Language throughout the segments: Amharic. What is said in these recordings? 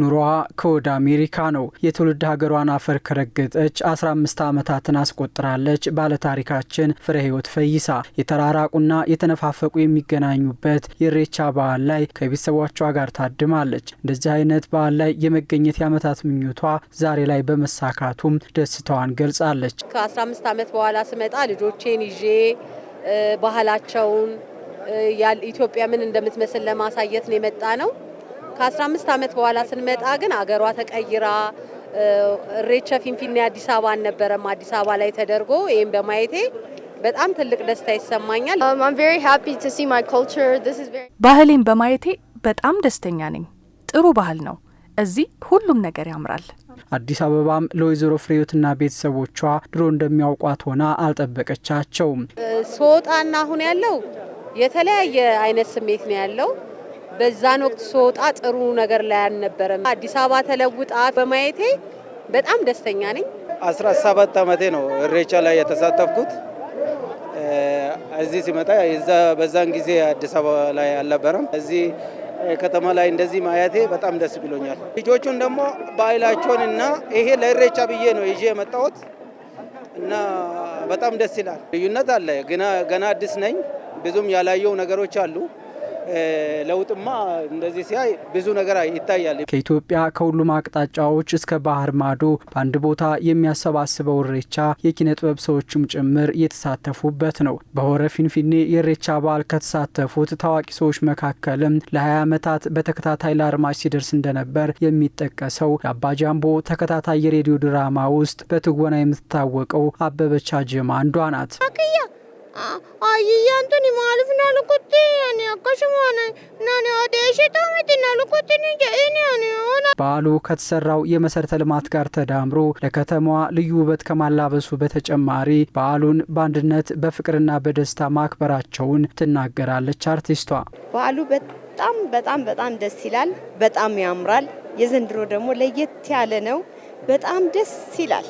ኑሮዋ ከወደ አሜሪካ ነው። የትውልድ ሀገሯን አፈር ከረገጠች 15 ዓመታትን አስቆጥራለች። ባለታሪካችን ፍሬ ህይወት ፈይሳ የተራራቁና የተነፋፈቁ የሚገናኙበት የኢሬቻ በዓል ላይ ከቤተሰቦቿ ጋር ታድማለች። እንደዚህ አይነት በዓል ላይ የመገኘት የዓመታት ምኞቷ ዛሬ ላይ በመሳካቱም ደስታዋን ገልጻለች። ከ15 ዓመት በኋላ ስመጣ ልጆቼን ይዤ ባህላቸውን ኢትዮጵያ ምን እንደምትመስል ለማሳየት ነው የመጣ ነው። ከ15 ዓመት በኋላ ስንመጣ ግን አገሯ ተቀይራ እሬቻ ፊንፊኔ አዲስ አበባ አልነበረም። አዲስ አበባ ላይ ተደርጎ ይህም በማየቴ በጣም ትልቅ ደስታ ይሰማኛል። um, ባህሌን በማየቴ በጣም ደስተኛ ነኝ። ጥሩ ባህል ነው። እዚህ ሁሉም ነገር ያምራል። አዲስ አበባም ለወይዘሮ ፍሬዮትና ቤተሰቦቿ ድሮ እንደሚያውቋት ሆና አልጠበቀቻቸውም። ሶጣና አሁን ያለው የተለያየ አይነት ስሜት ነው ያለው በዛን ወቅት ስወጣ ጥሩ ነገር ላይ አልነበረም። አዲስ አበባ ተለውጣ በማየቴ በጣም ደስተኛ ነኝ። 17 ሰባት ዓመቴ ነው እሬቻ ላይ የተሳተፍኩት። እዚህ ሲመጣ በዛን ጊዜ አዲስ አበባ ላይ አልነበረም። እዚህ ከተማ ላይ እንደዚህ ማየቴ በጣም ደስ ብሎኛል። ልጆቹን ደግሞ ባህላቸውን እና ይሄ ለእሬቻ ብዬ ነው ይዤ የመጣሁት እና በጣም ደስ ይላል። ልዩነት አለ። ገና አዲስ ነኝ፣ ብዙም ያላየው ነገሮች አሉ ለውጥማ እንደዚህ ሲያይ ብዙ ነገር ይታያል። ከኢትዮጵያ ከሁሉም አቅጣጫዎች እስከ ባህር ማዶ በአንድ ቦታ የሚያሰባስበው እሬቻ የኪነ ጥበብ ሰዎችም ጭምር የተሳተፉበት ነው። በሆረ ፊንፊኔ የእሬቻ በዓል ከተሳተፉት ታዋቂ ሰዎች መካከልም ለ20 ዓመታት በተከታታይ ለአድማጭ ሲደርስ እንደነበር የሚጠቀሰው የአባጃምቦ ተከታታይ የሬዲዮ ድራማ ውስጥ በትወና የምትታወቀው አበበቻ ጀማ አንዷ ናት። ayyaantu በዓሉ ከተሰራው የመሰረተ ልማት ጋር ተዳምሮ ለከተማዋ ልዩ ውበት ከማላበሱ በተጨማሪ በዓሉን በአንድነት በፍቅርና በደስታ ማክበራቸውን ትናገራለች አርቲስቷ። በዓሉ በጣም በጣም በጣም ደስ ይላል፣ በጣም ያምራል። የዘንድሮ ደግሞ ለየት ያለ ነው። በጣም ደስ ይላል።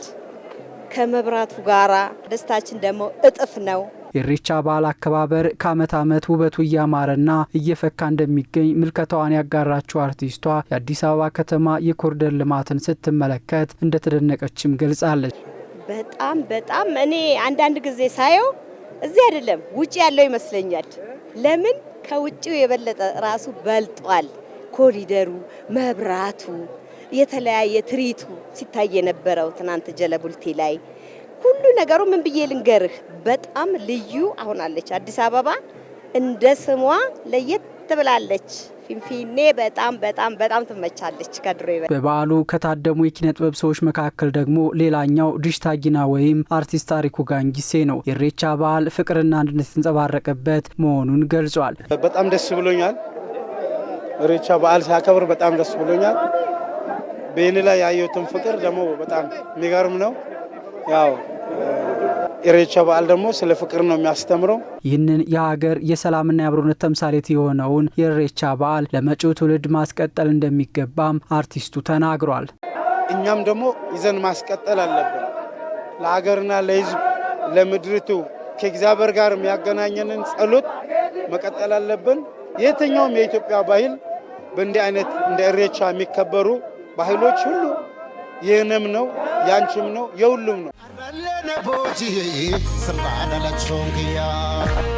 ከመብራቱ ጋራ ደስታችን ደግሞ እጥፍ ነው። የኢሬቻ በዓል አከባበር ከዓመት ዓመት ውበቱ እያማረና እየፈካ እንደሚገኝ ምልከታዋን ያጋራችው አርቲስቷ የአዲስ አበባ ከተማ የኮሪደር ልማትን ስትመለከት እንደተደነቀችም ገልጻለች። በጣም በጣም እኔ አንዳንድ ጊዜ ሳየው እዚህ አይደለም ውጭ ያለው ይመስለኛል። ለምን ከውጭው የበለጠ ራሱ በልጧል። ኮሪደሩ፣ መብራቱ፣ የተለያየ ትርኢቱ ሲታይ የነበረው ትናንት ጀለቡልቲ ላይ ሁሉ ነገሩ ምን ብዬ ልንገርህ፣ በጣም ልዩ አሁናለች። አዲስ አበባ እንደ ስሟ ለየት ትብላለች። ፊንፊኔ በጣም በጣም በጣም ትመቻለች ከድሮ ይበል። በበዓሉ ከታደሙ የኪነ ጥበብ ሰዎች መካከል ደግሞ ሌላኛው ዲሽታ ጊና ወይም አርቲስት ታሪኩ ጋንጊሴ ነው። የኢሬቻ በዓል ፍቅርና አንድነት የተንጸባረቀበት መሆኑን ገልጿል። በጣም ደስ ብሎኛል። ኢሬቻ በዓል ሲያከብር በጣም ደስ ብሎኛል። በይኔ ላይ ያየሁትን ፍቅር ደግሞ በጣም የሚገርም ነው ያው ኢሬቻ በዓል ደግሞ ስለ ፍቅር ነው የሚያስተምረው። ይህንን የሀገር የሰላምና የአብሮነት ተምሳሌት የሆነውን የኢሬቻ በዓል ለመጪው ትውልድ ማስቀጠል እንደሚገባም አርቲስቱ ተናግሯል። እኛም ደግሞ ይዘን ማስቀጠል አለብን። ለሀገርና ለሕዝብ ለምድሪቱ ከእግዚአብሔር ጋር የሚያገናኘንን ጸሎት መቀጠል አለብን። የትኛውም የኢትዮጵያ ባህል በእንዲህ አይነት እንደ ኢሬቻ የሚከበሩ ባህሎች ሁሉ ይህንም ነው የአንችም ነው የሁሉም ነው። I'll you, Sarana la chongiya